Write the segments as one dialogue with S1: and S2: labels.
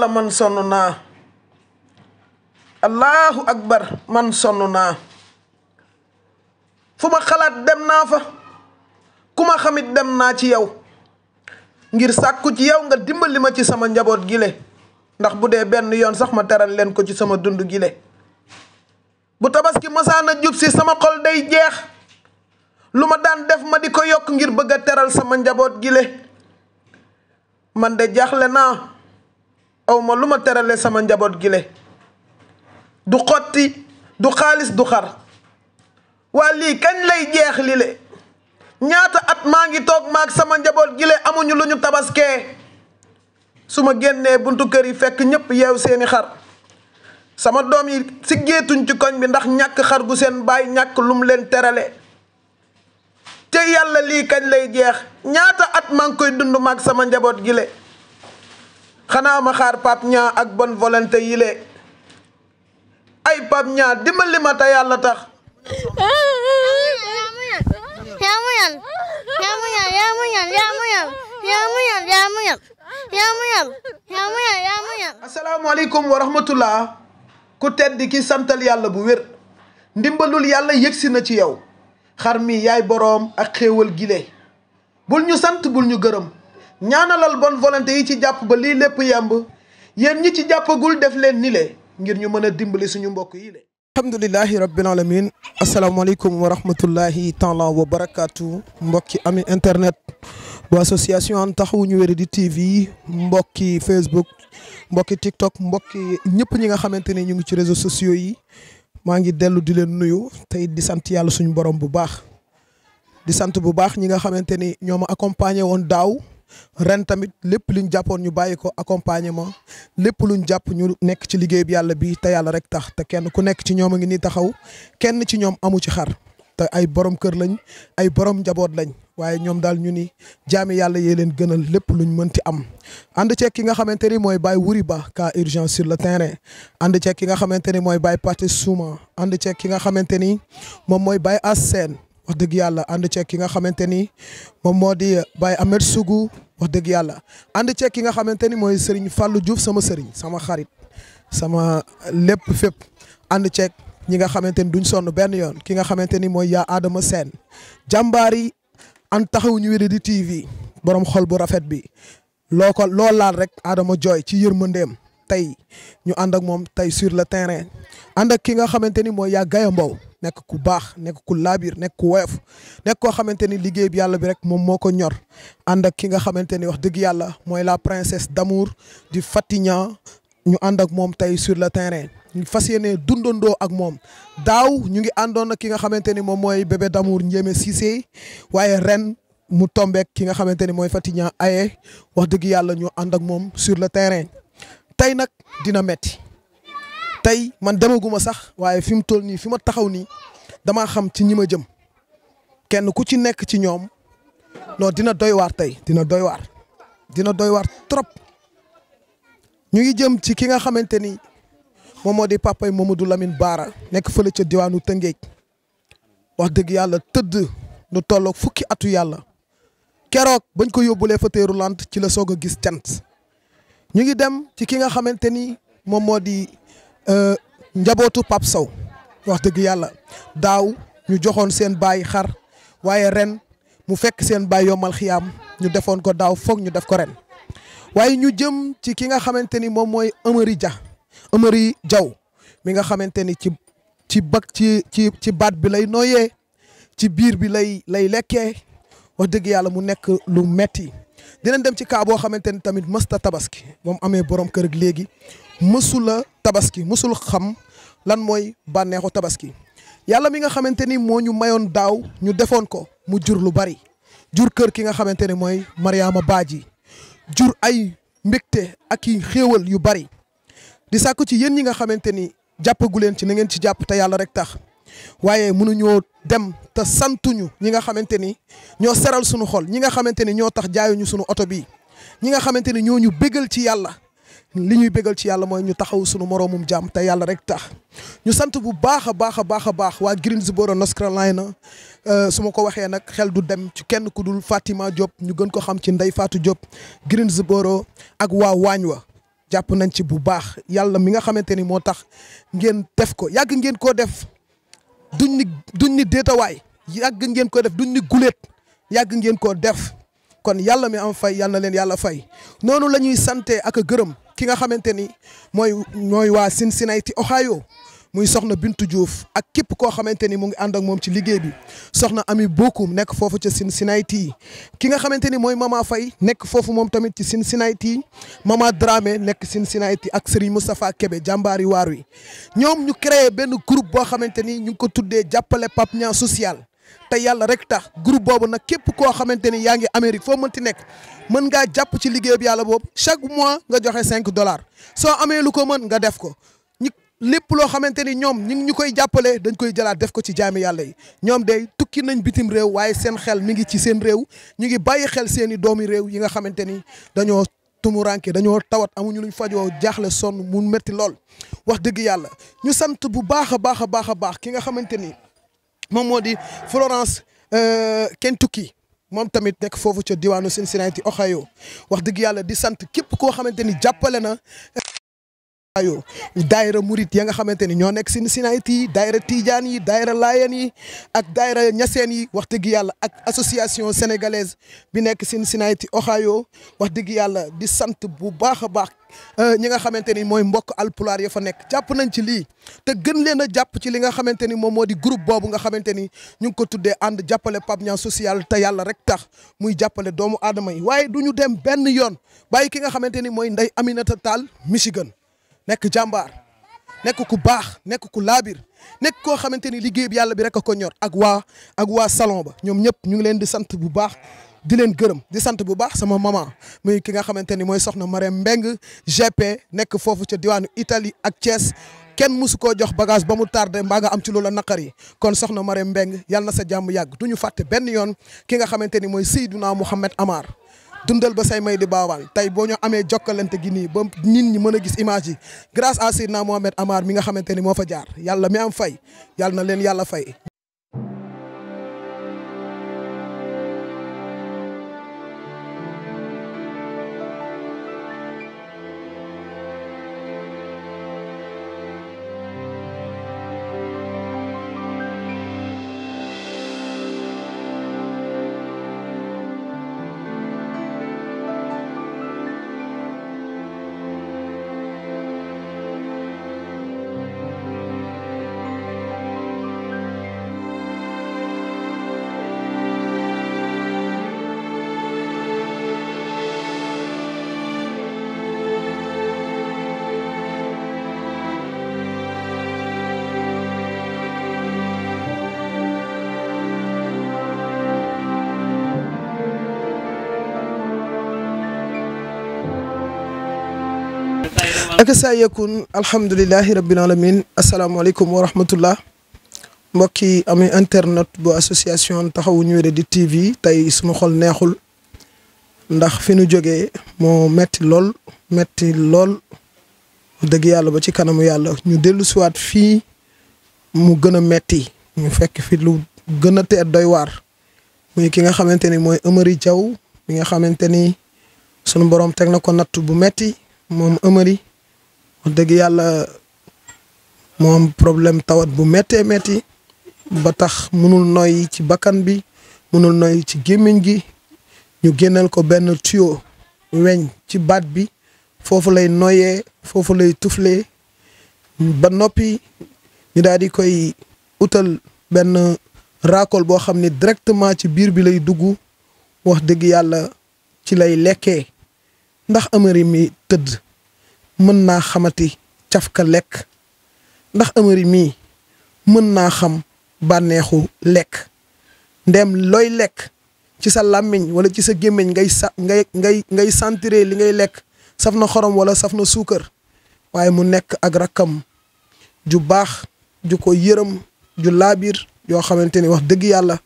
S1: la man sonn naa allahu akbar man sonn naa fu ma xalaat dem naa fa ku ma xamit dem naa ci yow ngir sàkku ci yow nga dimbali ma ci sama njaboot gile ndax bu dee benn yoon sax ma teral leen ko ci sama dund gile bu tabaski masaana jub si sama xol day jeex lu ma daan def ma di ko yokk ngir bëgg a teral sama njaboot gile man de jaxle naa aw ma luma terale sama njaboot gile du xoti du khalis du xar waa lii lay jeex li le ñaata at ma ngi toog maag sama gile amuñu luñu tabaske. Suma genné buntu kër yi fekk ñepp yew seeni xar sama dom yi ci geetuñ ci koñ bi ndax ñak xar gu seen bay ñak lum leen terale te yalla li kan lay jeex ñaata at ma ngi koy dund sama gile xanaa ma xaar Pape Niang ak bonne volonté yi ay Pape Niang dimbali ma yàlla tax.
S2: asalaamaaleykum
S1: wa rahmatullah ku tedd ki santal yàlla bu wér ndimbalul yàlla yëgsi na ci yow xar mi yaay boroom ak xéewal gile bul ñu sant bul ñu gërëm. ñaanalal bonne volonté yi ci jàpp ba lii lépp yemb yéen ñi ci jàppagul def leen ni le ngir ñu mën dimbali suñu mbokk yi le alhamdulillahi rabbil alamin asalaamaaleykum wa rahmatullahi taala wa barakaatu mbokki ami internet bu association an taxawu ñu wéri di tv mbokki facebook mbokki tiktok mbokki ñëpp ñi nga xamante ne ñu ngi ci réseaux sociaux yi maa ngi dellu di leen nuyu tey di sant yàlla suñu borom bu baax di sant bu baax ñi nga xamante ni ñoo ma accompagné ren tamit lépp luñ jàppoon ñu bàyyi ko accompagnement lépp luñ jàpp ñu nekk ci liggéey bi yàlla bi te yàlla rek tax te kenn ku nekk ci ñoom a ngi nii taxaw kenn ci ñoom amu ci xar te ay borom kër lañ ay borom njaboot lañ waaye ñoom daal ñu ni jaami yàlla yee leen gënal lépp luñ mënti am ànd ceeg ki nga xamante ni mooy Baye Wuri Ba cas urgence sur le terrain ànd ceeg ki nga xamante ni mooy Baye Paté Souma ànd ceeg ki nga xamante ni moom mooy Baye Assène wax deug yalla and ci ki nga xamanteni mom moom moo Baye Ahmed sugu wax deug yalla and ci ki nga xamanteni moy Serigne fallu Diouf sama Serigne sama xarit sama lepp fep and ci ñi nga xamanteni duñ sonu ben yoon ki nga xamanteni moy ya Adama taxaw ñu di TV borom xol bu rafet bi loko ko laal rek Adam Joy, ci yermandem tay, ñu and ak mom tay sur le terrain and ak ki nga xamanteni moy ya Gaya nekk ku baax nekk ku laabir nekk ku woyof nekk koo xamante ni liggéey bi yàlla bi rek moom moo ko ñor ànd ak ki nga xamante ni wax dëgg yàlla mooy la princesse d'amour di Fatignan ñu ànd ak moom tey sur le terrain ñu fas yéene dundandoo ak moom daaw ñu ngi àndoon ak ki nga xamante ni moom mooy bébé d'amour Ndiémé Cissé waaye ren mu tombeek ki nga xamante ni mooy Fatignan aye wax dëgg yàlla ñu ànd ak moom sur le terrain tey nag dina metti Tay, man demaguma sax waaye fi mu toll nii fi ma taxaw nii damaa xam ci ñi ma jëm kenn ku ci nekk ci ñoom non dina doy waar dina doy waar dina doy waar trop ñu ngi jëm ci ki nga xamante ni di papay Mamadou Lamine Baara nekk fële ca diwaanu Tëngéej wax dëgg yàlla tëdd lu tolloog fukki atu yàlla keroog bañ ko yóbbulee fa ci la gis cant ñu ngi dem ci ki nga di Euh, njabootu Pape Sow wax dëgg yàlla daaw ñu joxoon sen baay xar waaye ren mu fekk seen baay yomal xiyaam ñu defoon ko daaw foog ñu def ko ren waaye ñu jëm ci ki nga xamante ni moom mooy Amary Dia Amary Diaw mi nga xamante ni ci ci bag ci ci ci baat bi lay nooyee ci biir bi lay lay wax mu lu metti dinañ dem ci kaa boo xamante tamit mësta tabaski moom amee borom kër Musul tabaski musul xam lan mooy bànneexu tabaski yàlla mi nga xamante ni moo ñu mayoon daaw ñu defoon ko mu jur lu bari jur kër ki nga Mariama Baaji jur ay mikte ak i xéewal yu bari di sàkku ci yéen ñi nga xamante ni jàppagu leen ci na ngeen ci jàpp te yàlla rek tax dem te santuñu ñi nga xamante ni ñoo seral suñu xol ñi nga xamante ni ñoo tax jaayuñu suñu oto bii ñi nga xamante ni ñoo ñu bégal ci li ñuy bégal ci yàlla mooy ñu taxaw sunu moroomum jàmm te yàlla rek tax ñu sant bu baax a baax a baax a baax waa Greensboro North Carolina euh, su ma ko waxee nag xel du dem ci kenn ku dul Fatima Diop ñu gën ko xam ci Ndey Fatou Diop Greensboro ak waa waañ wa jàpp nañ ci bu baax yàlla mi nga xamante ni moo tax ngeen def ko yàgg ngeen koo def duñ ni duñ ni déetawaay yàgg ngeen ko def duñ ni guléet yàgg ngeen koo def kon yàlla mi am fay yàlla na leen yàlla fay noonu la ñuy sante ak gërëm ki nga xamante ni mooy mooy waa Cincinnati Ohio muy soxna Bintu Diouf ak képp koo xamante ni mu ngi ànd ak moom ci liggéey bi soxna Ami Bokum nekk foofu ca Cincinnati ki nga xamante ni mooy Mama fay nekk foofu moom tamit ci Cincinnati Mama Dramé nekk Cincinnati ak Serigne Moustapha Kebe jàmbaari waar wi ñoom ñu créé benn groupe boo xamante ni ñu ngi ko tuddee jàppale Pape Niang social te yàlla rek tax groupe boobu nag képp koo xamante ni yaa ngi Amérique foo mënti nekk mën ngaa jàpp ci liggéey bi yàlla boobu chaque mois nga joxe cinq dollars soo amee lu ko mën nga def ko ñi lépp loo xamante ni ñoom ñi ñu koy jàppale dañ koy jëlaat def ko ci jaami yàlla yi ñoom de tukki nañ bitim réew waaye seen xel mi ngi ci seen réew ñu ngi bàyyi xel seeni i doomi réew yi nga xamante ni dañoo tumuranke dañoo tawat amuñu ñu fajoo jaaxle sonn mu metti lool wax dëgg yàlla ñu sant bu baax a baax a baax a baax ki nga xamante ni moom moo di Florence euh, Kentucky moom tamit nekk foofu ca diwaanu Cincinnati Ohio wax dëgg yàlla di sant képp koo xamante ni jàppale na. yo daayira murit ya nga xamante ni ñoo nekk si sinaayit yi daayira tiijaan yi daayira laayeen yi ak daayira ñaseen yi wax dëgg yàlla ak association sénégalaise bi nekk si sinaayit yi Ohio wax dëgg yàlla di sant bu baax a baax euh, ñi nga xamante ni mooy mbokk alpulaar ya fa nekk jàpp nañ ci li te gën leen a jàpp ci li nga xamante ni moom moo di groupe boobu nga xamante ni ñu ngi ko tuddee ànd jàppale Pape Niang social te yàlla rek tax muy jàppale doomu aadama yi waaye du ñu dem benn yoon bàyyi ki nga xamante ni mooy Ndeye Aminata Tall Michigan nekk jàmbaar nekk ku baax nekk ku laabir nekk koo xamante ni liggéey bi yàlla bi rek a ko ñor ak waa ak waa salon ba ñoom ñëpp ñu ngi leen di sant bu baax di leen gërëm di sant bu baax sama maman muy ki nga xamante ni mooy soxna Marème Mbeng GP nekk foofu ca diwaanu itali ak Thiès kenn musu koo jox bagage ba mu tardé mbaa am ci loola naqar kon soxna mare Mbeng yàlla sa jàmm yàgg du ñu fàtte benn yoon ki nga xamante ni mooy Seydouna Mouhamed Amar dundal ba say may di baawaan tey boo ñu amee jokkalante gi nii ba nit ñi mën a gis image yi grace à Seydina Mohamed Amar mi nga xamante ni moo fa jaar yàlla mi am fay yàlla na leen yàlla fay. aka saa yekun alhamdulilahi rabbil alamin asalaamaaleykum wa rahmatullah mbokki ami internet bu association taxawu ñu wéré di TV tey suma xol neexul ndax fi nu jógee moo metti lool metti lool dëgg yàlla ba ci kanamu yàlla ñu dellu siwaat fii mu gën a metti ñu fekk fi lu gën a teet doy waar muy ki nga xamante ni mooy Amary Diaw mi nga xamante ni sunu borom teg na ko natt bu metti moom Amary wax dëgg yàlla moom problème tawat bu méttee métti ba tax mënul noyyi ci bakkan bi mënul noyyi ci gémmiñ gi ñu génnal ko benn tuyau weñ ci baat bi foofu lay noyee foofu lay tuflee ba noppi ñu daal di koy utal benn raakool boo xam ne directement ci biir bi lay dugg wax dëgg yàlla ci lay lekkee ndax amari mi tëdd mën naa xamati cafka lekk ndax Amary mii mën naa xam bànneexu lekk ndem looy lekk ci sa làmmiñ wala ci sa gémmiñ ngay santire li ngay lekk saf na xorom wala saf na suukar waaye mu nekk ak rakkam ju baax ju ko yërëm ju laabiir yoo xamante ni wax dëgg yàlla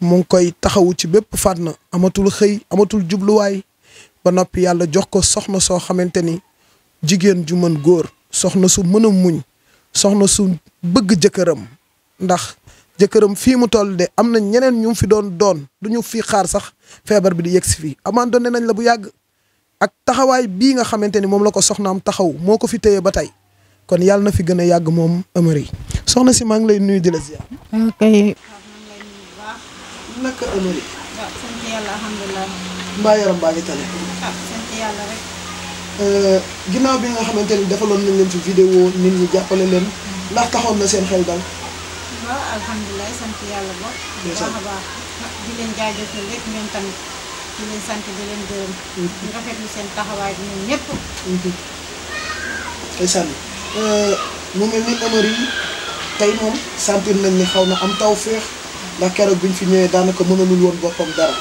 S1: mu ngi koy taxawu ci bépp na amatul xëy amatul jubluwaay ba noppi yàlla jox ko soxna soo xamante ni jigéen ju mën góor soxna su mën a muñ soxna su bëgg jëkkëram ndax jëkkëram fii mu toll de am na ñeneen ñu fi doon doon du ñu fi xaar sax feebar bi di yegg si fii ne nañ la bu yàgg ak taxawaay bii nga xamante ni moom la ko soxnaam taxaw moo ko fi téye ba tey kon yàlla na fi gën a yàgg moom Amary soxna si maa ngi lay nuyu di la ziar. Euh, ginnaaw bi nga xamante ni defaloon nañ leen ci vidéo nit ñi jàppale leen ndax taxoon na seen xel daal.
S2: waaw alhamdulilah sant yàlla ba. bu a tamit sant mm-hmm. bi ñun ñëpp.
S1: Mm-hmm. Euh, tey sànni mu nañ ni xaw na am taw féex ndax keroog bi fi ñëwee daanaka mënalul woon boppam dara.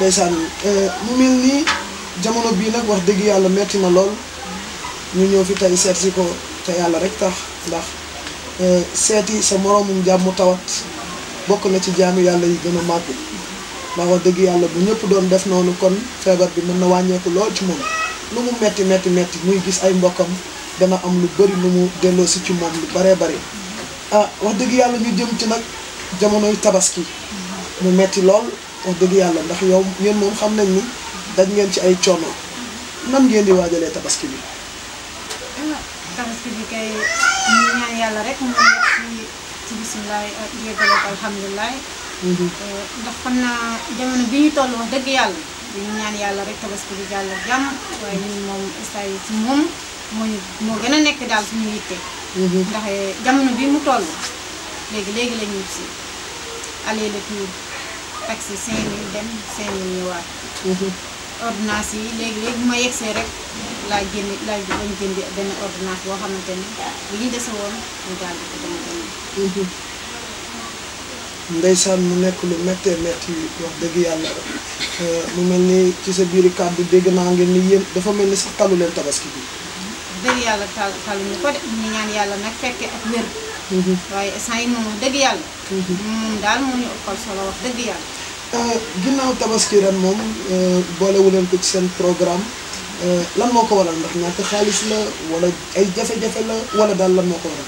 S1: ndeysaan euh, mu mel nii jamono bii nag wax dëgg yàlla metti na lool ñu ñëw fi tey seet si ko te yàlla rek tax ndax euh, seeti sa moroomum jàmm tawat bokk na ci jaami yàlla yi gën a màgg ndax wax dëgg yàlla bu ñëpp doon def noonu kon feebar bi mën na wàññeeku lool ci moom lu mu metti metti metti muy gis ay mbokkam dana am lu bari lu mu delloo si ci moom lu baree bëri ah wax dëgg yàlla ñu jëm ci nag jamonoy tabaski mu metti lool wax deug yalla ndax yow ngeen moom xam nañ ni dañ ngeen ci ay coono nan ngeen di waajalee tabaski bi.
S2: tabaski bi kay ñu ñaan yalla rek mu nekk ci ci ak ak mhm. eh, ndax jamono bi ñu toll wax ñaan rek tabaski bi ñun moom ci si le tour. taxi cinq mille dem cinq mille ñëwaat. ordonnance yi léegi léegi bu ma yegsee rek laa jënd laa lañ jënd boo xamante ne bu ñu dese woon ñu daal di ko
S1: mhm. mu nekk lu méttee métti wax dëgg yàlla euh, mu mel ni ci sa biiri kàddu dégg naa ngeen ni yéen dafa mel ni sax talu leen tabaski bi.
S2: dëgg yàlla tal tal ko de ñu ñaan yàlla nag fekke ak wér. Mhm. waaye saa yi moom dëgg yàlla. Mhm. moom daal moo ñu ëppal solo wax dëgg yàlla.
S1: Euh, ginnaaw tabaski ren moom euh, boolewuleen ko ci seen programme euh, lan moo ko waral ndax ñàkk xaalis la wala ay jafe-jafe la wala daal lan moo ko waral.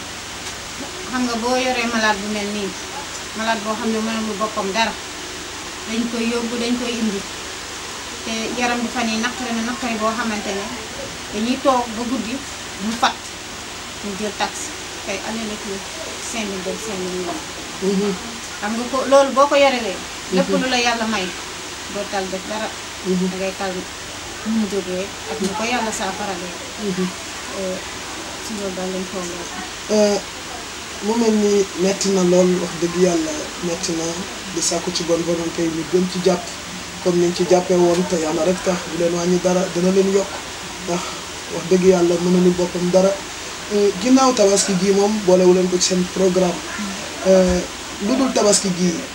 S2: xam nga boo yoree malaat bu mel nii malade boo xam ne mënul boppam dara dañ koy yóbbu dañ koy indi te yaram bi fan yi naqari na naqari boo xamante ne dañuy toog ba guddi mu fat ñu jël taxi tey aller-retour 5000 dem 5000 ñu xam nga ko loolu boo ko yore yorewee. Mhm. lépp lu la yàlla may doo tal def dara mhm. da ngay tal mu jógee ak ñu ko yàlla saafaralee mhm. euh, si
S3: euh,
S1: mu mel ni metti na lool wax dëgg yàlla metti na di sàkku ci bonne volonté ñu gën ci jàpp kon ni ci jàppee woon te yàlla rek tax bu leen wàññi dara dina leen yokk ndax wax dëgg yàlla ni boppam dara euh, ginnaaw tabaski gii moom boolewu leen ko ci seen programme mm. lu dul tabaski gii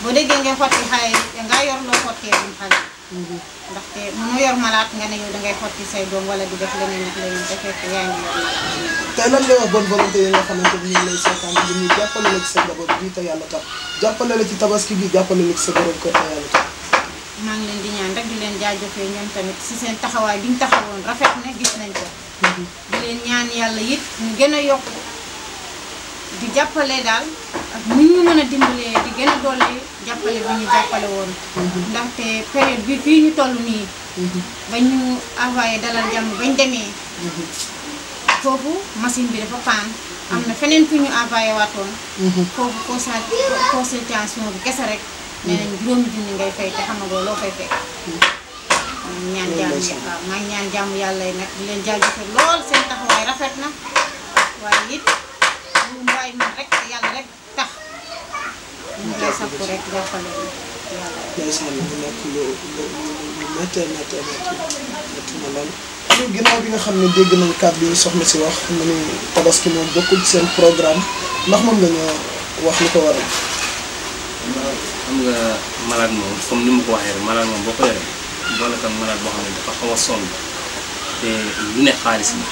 S2: boo déggee nga xotti xale dangaa yor loo xottee duñ xale ndaxte mënu yor malaat nga ne yow dangay xotti say doom wala di def leneen ak leneen te fekk yaa ngi yor
S1: xamante ni ñu lay seetaan di ñu jàppale la ci sa njaboot bi te yàlla tax jàppale la ci tabaski bi jàppale la ci sa borom kër te yàlla tax
S2: maa ngi leen di ñaan rek di leen jaajëfee ñoom tamit si seen taxawaay bi ñu taxawoon rafet na gis nañ ko mhm. di leen ñaan yàlla it ñu gën a yokk di jàppale daal ak ñu mën a dimbalee di gën a dolli jàppale bi ñu jàppale woon. ndaxte période bi fii ñu toll nii. ba ñu envoyé dalal jàmm bañ demee. foofu machine bi dafa paan. am na feneen fu ñu envoyé waatoon. foofu consultation bi kese rek. nee nañ juróomi junni ngay fay te xamagoo loo fay fekk. ñaan jàmm ñaan jàmm yàlla yi nag di leen jaajëfal lool seen taxawaay rafet na waaye it lu waay man rek. ñu mu nekk
S1: bi nga xam ne dégg nañ kàddu yi soxna si wax mu ni tabaski moom bokkul seen programme ndax moom lañoo
S4: wax li ko waral. xam nga malade moom comme ni mu ko waxee rek malade moom boo ko yoree boole ko malade boo xam ne dafa xaw a sonn te lu ne xaalis bi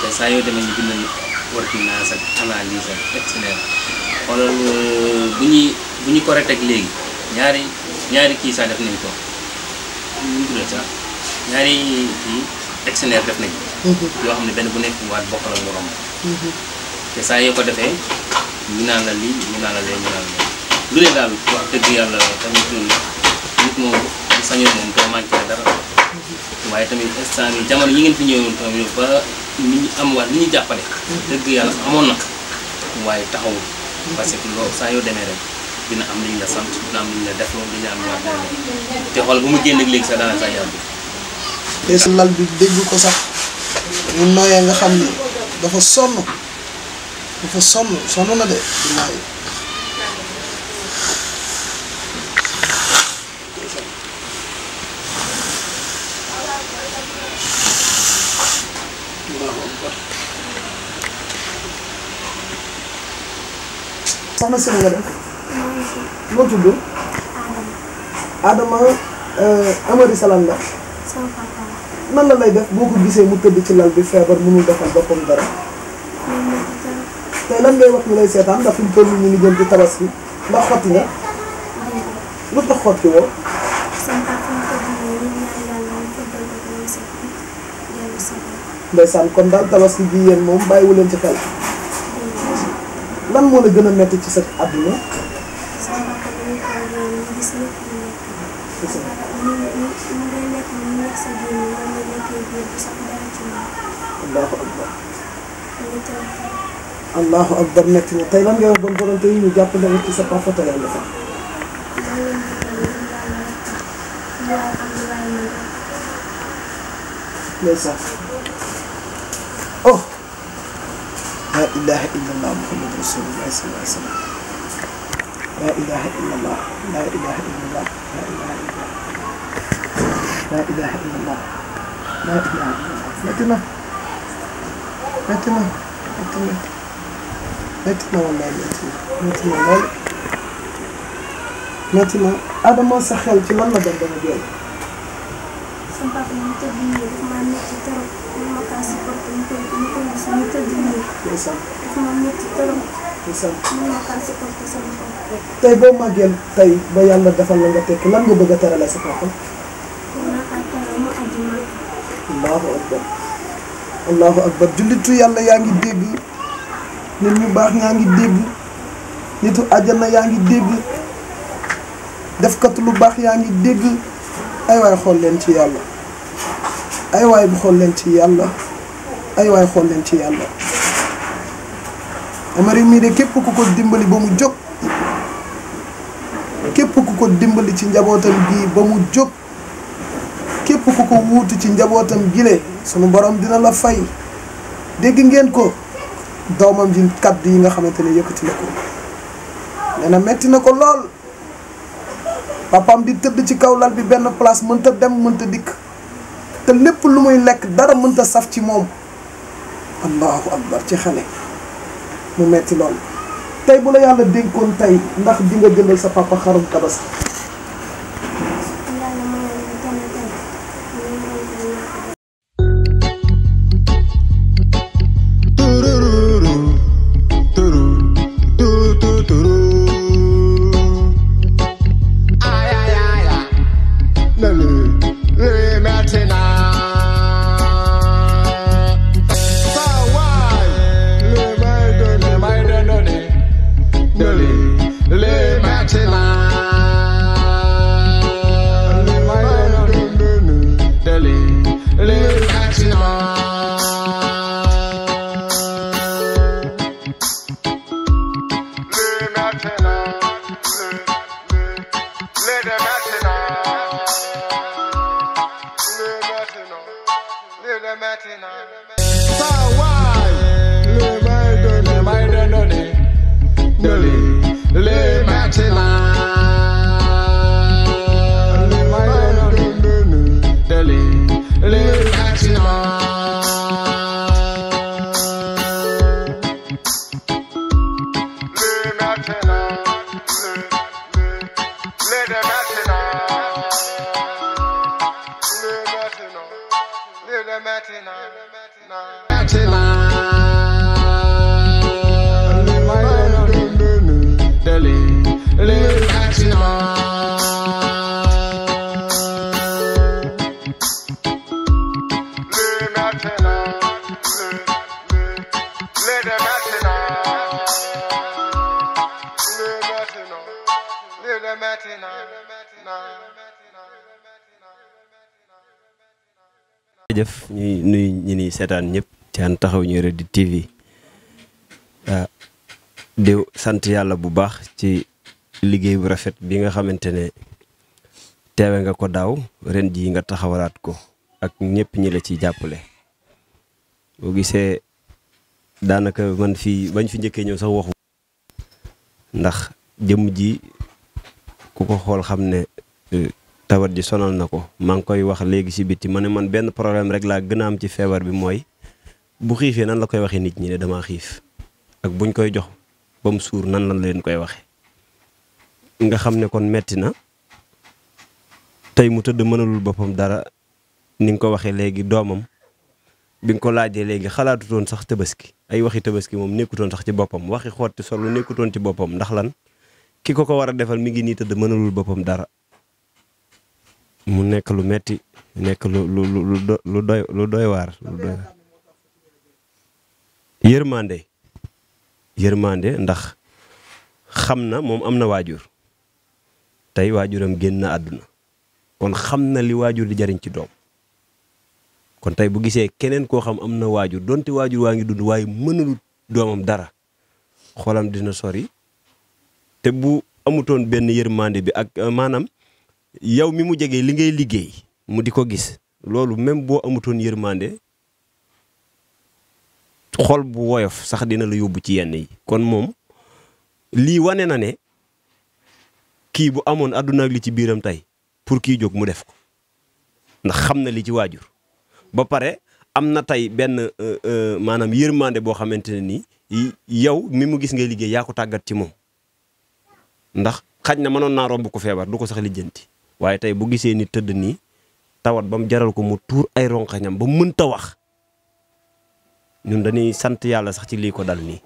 S4: te saa yoo demee ñu bindal ordonnance ak analyse ak et cetera. xoolal euh, bu ñuy bu ñu ko retek léegi ñaari ñaari kii sax def nañ ko ñu tuddee sax def nañ mhm. yoo xam ne benn bu nekk waat bokk na morom mhm. te saa yoo ko defee ñu naan la lii ñu naa la lee ñu naan la lu ne daal dëgg yàlla tamit nit moom sañoon moom doo manqué dara mhm. waaye tamit instant yi jamono yi ngeen fi ñëwoon tamit ba nit ñi am waat li ñu jàppale dëgg yàlla amoon na waaye taxawul parce que loo saa yoo demee rek dina am liñ la sant dina am liñ la def loolu dina am lu war te xool bu mu génn léegi sax daanaka sax yàgg.
S1: te sa lal bi dégg ko sax mu nooyee nga xam ni dafa sonn dafa sonn sonn na de. soxna si nga def. noo tudd. la. sama euh, la. nan la lay def boo ko gisee mu tëdd ci lal bi feebar mënul defal boppam dara. tey lan ngay wax ñu lay seetaan ndax fi mu toll ñu ngi jëm ci tabaski ndax xotti nga. lu tax xotti woo. ndeysaan kon daal tabaski gi yéen moom bàyyiwu leen ci xel. lan moo la gën a metti ci sa àdduna. allahu akbar allahu akbar metti na tey lan ngay wax bon volonté yi ñu jàppale la ci sa papa te yàlla fa ndeysaan لا إله إلا الله محمد رسول الله صلى الله عليه وسلم لا إله إلا الله لا إله إلا الله لا إله إلا الله لا إله إلا الله لا إله إلا الله متنا متنا متنا متنا والله متنا متنا والله متنا هذا ما سخنت ما ما دبنا بيه
S2: سبب ما تبيه ما نتترك ñu ma paas si
S1: tey boo màggee tey ba yàlla defal la nga tekki lan nga bëgg a terale sa papa. allahu akbar allahu jullitu yàlla yaa ngi dégg nit ñu baax ñaa ngi dégg nitu àjjana yaa ngi dégg defkat lu baax yaa ngi dégg ay waay xool leen ci yàlla ay waay xool leen ci yàlla ay waay xool leen ci yàlla Amary mii de képp ku ko dimbali ba mu jóg képp ko dimbali ci njabootam gii ba mu jóg ko wuutu ci njabootam gile sunu borom dina la fay dégg ngeen ko doomam ji kàddu yi nga xamante ne yëkkati na ko nee na metti na ko lool papaam di tëdd ci kaw lal bi benn place mënta dem mënta dikk te lépp lu muy lekk dara mënta saf ci moom allahu akbar ci xale mu metti lool tey bu la yàlla dénkoon tey ndax di nga jëndal sa papa xarum tabaski till
S4: بحماماتنا jëf ñuy nuyu ñi ni seetaan ñëpp ci Hann Taxawu ñu Reddi TV ah, di sant yàlla bu baax ci liggéey bu rafet bi nga xamante ne teewe nga ko daaw ren jii nga taxawalaat ko ak ñépp ñi la ci jàppale boo gisee daanaka man fii bañ fi njëkkee ñëw sax waxu ndax jëm ji ku ko xool xam ne euh, tawat ji sonal na ko maa ngi koy wax léegi si biti ma ne man benn problème rek laa gën a am ci feebar bi mooy bu xiifee nan la koy waxee nit ñi ne damaa xiif ak buñ koy jox bam suur nan la leen koy waxe nga xam ne kon metti na tey mu tëdd mënalul boppam dara ni nga ko waxee léegi doomam bi nga ko laajee léegi xalaatutoon sax tabaski ay waxi tabaski moom nekkutoon sax ci boppam waxi xotti solu nekkutoon ci boppam ndax lan ki ko ko war a defal mi ngi nii tëdd mënul boppam dara mu nekk lu metti nekk lu lu lu doy lu doy waar lu doy waar yërmande yërmande ndax xam na moom am na waajur tey waajuram génn na àdduna kon xam na li waajur di jariñ ci doom kon tey bu gisee keneen koo xam am na waajur donte waajur waa ngi dund waaye mënul doomam dara xolam dina sori te bu amutoon benn yërmande bi ak euh, maanaam yow mi mu jegee li ngay liggéey mu di ko gis loolu même boo amutoon yërmande xol bu woyof sax dina la yóbbu ci yenn yi kon moom lii wane na ne kii bu amoon àdduna li ci biiram tey pour kii jóg mu def ko ndax xam na li ci waajur ba pare am na tey benn euh, euh, maanaam yërmande boo xamante ne nii yow mi mu gis ngay liggéey yaa ko tàggat ci moom ndax xaj na mënoon naa romb ko febar du ko sax lijjanti waye tay bu gisee ni teud ni tawat bam jaral ko mu tour ay ronkañam ba mënta wax ñun dañuy sante yalla sax ci li ko dal ni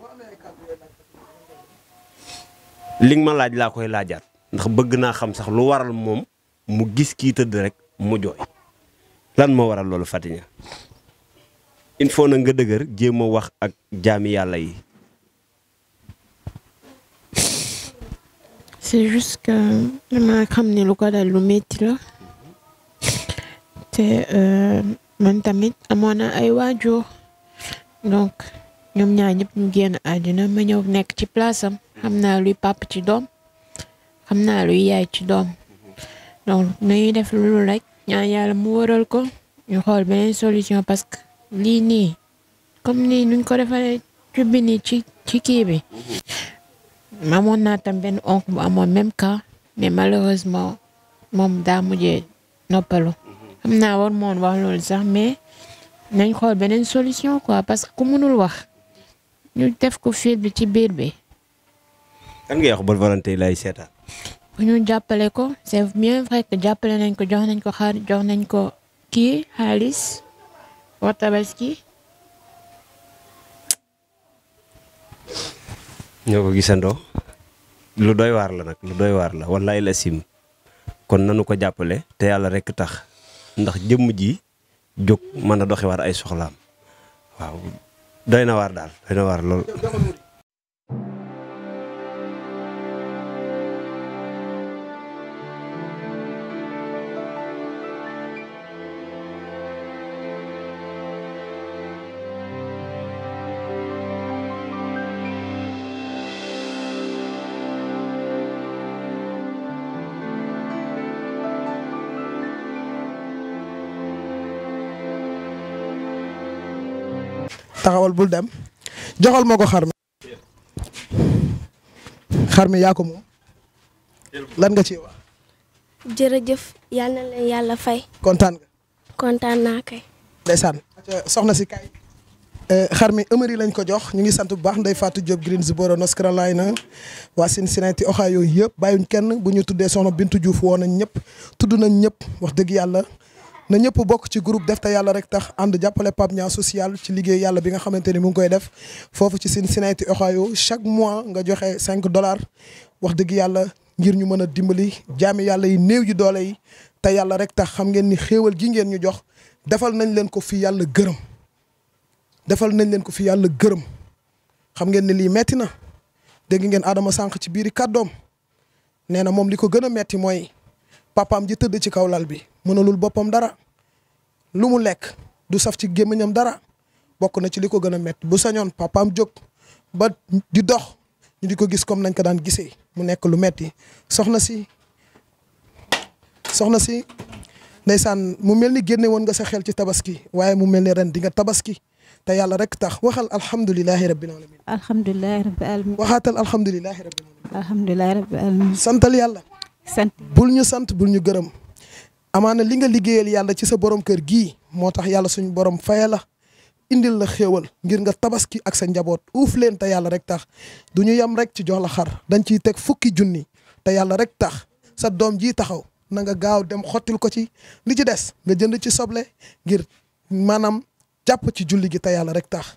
S4: li ma laaj la koy laajat ndax bëgg na xam sax lu waral mom mu gis ki teud rek mu joy lan mo waral lolu fatiña info na nga wax ak jami yalla yi
S3: C'est juste que ma le suis de à l'hôpital. man tamit amona ay Donc ñom suis ñep ñu genn adina place à luy dom. suis luy yaay ci dom. Donc nañuy def lu rek suis yalla à l'hôpital. ko suis solution parce que li comme Maman a tant bien oncle à moi même cas, mais malheureusement, mon dame n'a pas non nom. Je n'ai pas mhm. le nom de mon oncle, mais il y a une solution, quoi, parce que comme nous le voyons, nous devons faire fil petit bébé.
S4: Quand est-ce que vous avez volonté là, Isseta?
S3: Quand nous appelons, c'est bien vrai que j'appelle un jour, un jour, un jour, qui, Alice, ou Tabaski?
S4: ñoo ko gisandoo lu doy waar la nag lu doy waar la wallaay la sim kon nanu ko jàppale te yàlla rekk tax ndax jëmm ji jóg mën a doxiwaat ay soxlaam waaw
S3: doy na waar daal doy na waar lool.
S1: taxawal bul dem joxal ma ko xar mi xar yaa ko moom lan nga ci wax.
S4: jërëjëf yal na leen yàlla fay. kontaan nga. kontaan naa kay.
S1: ndeysaan soxna si kay. Eh, xar mi Amary lañ ko jox ñu ngi sant bu baax Ndeye Fatou Diop Greensboro North na waa Cincinnati Ohio yëpp bàyyuñ kenn bu ñu tuddee soxna Bintu Diouf woo nañ ñëpp tudd nañ ñëpp wax dëgg yàlla. na ñëpp bokk ci groupe def te yàlla rek tax ànd jàppale Pape Niang social ci liggéey yàlla bi nga xamante ni mu ngi koy def foofu ci Cincinnati Ohio chaque mois nga joxe 5 dollars wax dëgg yàlla ngir ñu mën a dimbali jaami yàlla yi néew ji doole yi te yàlla rek tax xam ngeen ni xéewal ji ngeen ñu jox defal nañ leen ko fi yàlla gërëm defal nañ leen ko fi yàlla gërëm xam ngeen ni lii metti na dëgg ngeen Adama sànq ci biiri kàddoom nee na moom li ko gën a metti mooy papaam ji tëdd ci kaw lal bi mënalul bopam dara lu mu lekk du saf ci dara bokku na ci liko gëna met bu sañon papaam jog ba di dox ñu diko gis comme nañ ko daan gisé mu nekk lu metti soxna si soxna si ndaysan mu melni ni won nga sa xel ci tabaski waye mu melni ren di nga tabaski ta yalla rek tax waxal alhamdullilah rabbil alamin alhamdullilah rabbil alamin waxaatal alhamdullilah rabbil alamin alhamdullilah rabbil alamin santal yalla. sant buñu sant buñu garam. amaana li nga liggéeyal yàlla ci sa borom kër gii moo tax yàlla suñu borom faye la indil la xéewal ngir nga tabaski ak sa njaboot uuf leen te yàlla rek tax du ñu yem rek ci jox la xar dañ ciy teg fukki junni te yàlla rek tax sa doom ji taxaw na nga gaaw dem xottil ko ci li ci des nga jënd ci soble ngir maanaam jàpp ci julli gi te yàlla rek tax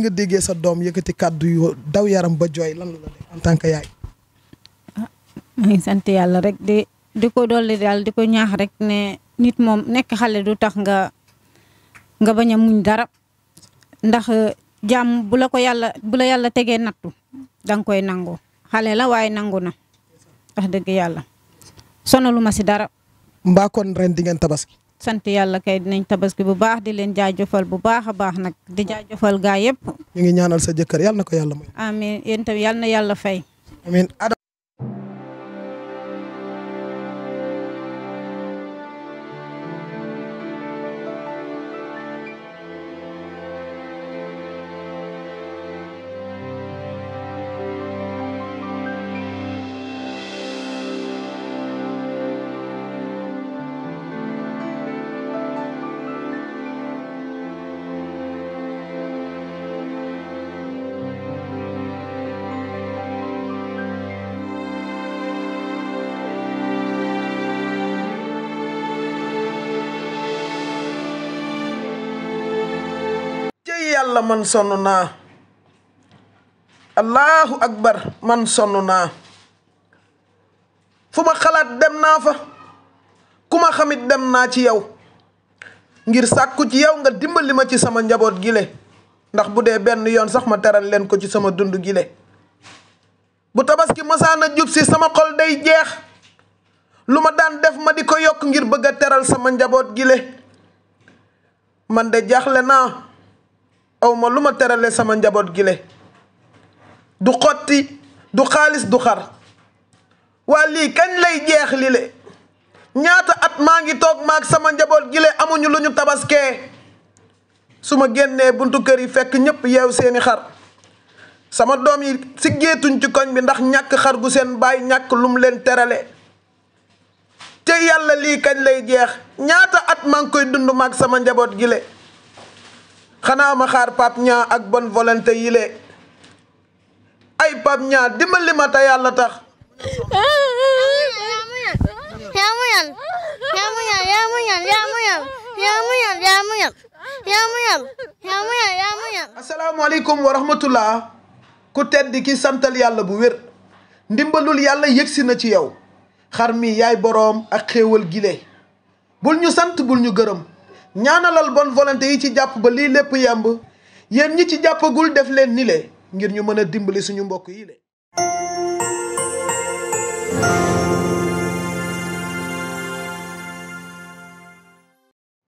S1: nga déggé sa ketika yëkëti kaddu yu daw yaram ba joy lan la en tant que yaay.
S2: ah ngi sant yalla rek di diko dolli dal diko ñaax rek ne nit mom nek xalé du tax nga nga baña muñ dara ndax eh, jam bu la ko yalla bu la yalla téggé nattu dang koy nango xalé la way nanguna wax dëgg yalla sonaluma ci si dara.
S1: mba kon ren di ngeen tabaski.
S2: sant yàlla kay dinañ tabaski bu baax di leen jaajëfal bu baax a baax nag di jaajëfal gaa yëpp.
S1: ñu ngi ñaanal sa jëkkër yàlla na ko yàlla may.
S2: amiin yéen tam yàlla na yàlla fay. amiin.
S1: man sonn naa allahu akbar man sonn naa fu ma xalaat dem naa fa ku ma xamit dem naa ci yow ngir sàkku ci yow nga dimbali ma ci sama njaboot gile ndax bu dee benn yoon sax ma teral leen ko ci sama dund gile bu tabaski masaana jub si sama xol day jeex lu ma daan def ma di ko yokk ngir bëgg a teral sama njaboot gile man de jaxle naa aw ma luma terale sama njabot gi le du xoti du khalis du xar wali kan lay jeex li le ñaata at maa ngi toog maag sama njabot gi le amuñu luñu tabaske suma genné buntu kër yi fekk ñepp yew seeni xar sama dom yi si ci koñ bi ndax ñak xar gu seen bay ñak lum leen terale te yalla li kan lay jeex ñaata at maa ngi koy dund maag sama njabot gi xanaa ma xaar Pape Niang ak bonne volonté yi le ay Pape Niang dimbali ma te yàlla tax.
S2: yaa muñal yaa muñal yaa muñal yaa yaa muñal yaa yaa
S1: muñal yaa muñal yaa wa rahmatullah ku tedd ki santal yàlla bu wér ndimbalul yàlla yëgsi na ci yow xar mi yaay boroom ak xéewal gile bul ñu sant bul ñu gërëm. ñaanalal bonne volonté yi ci jàpp ba lii lépp yemb yéen ñi ci jàppagul def leen ni le ngir ñu mën a dimbali suñu mbokk yi le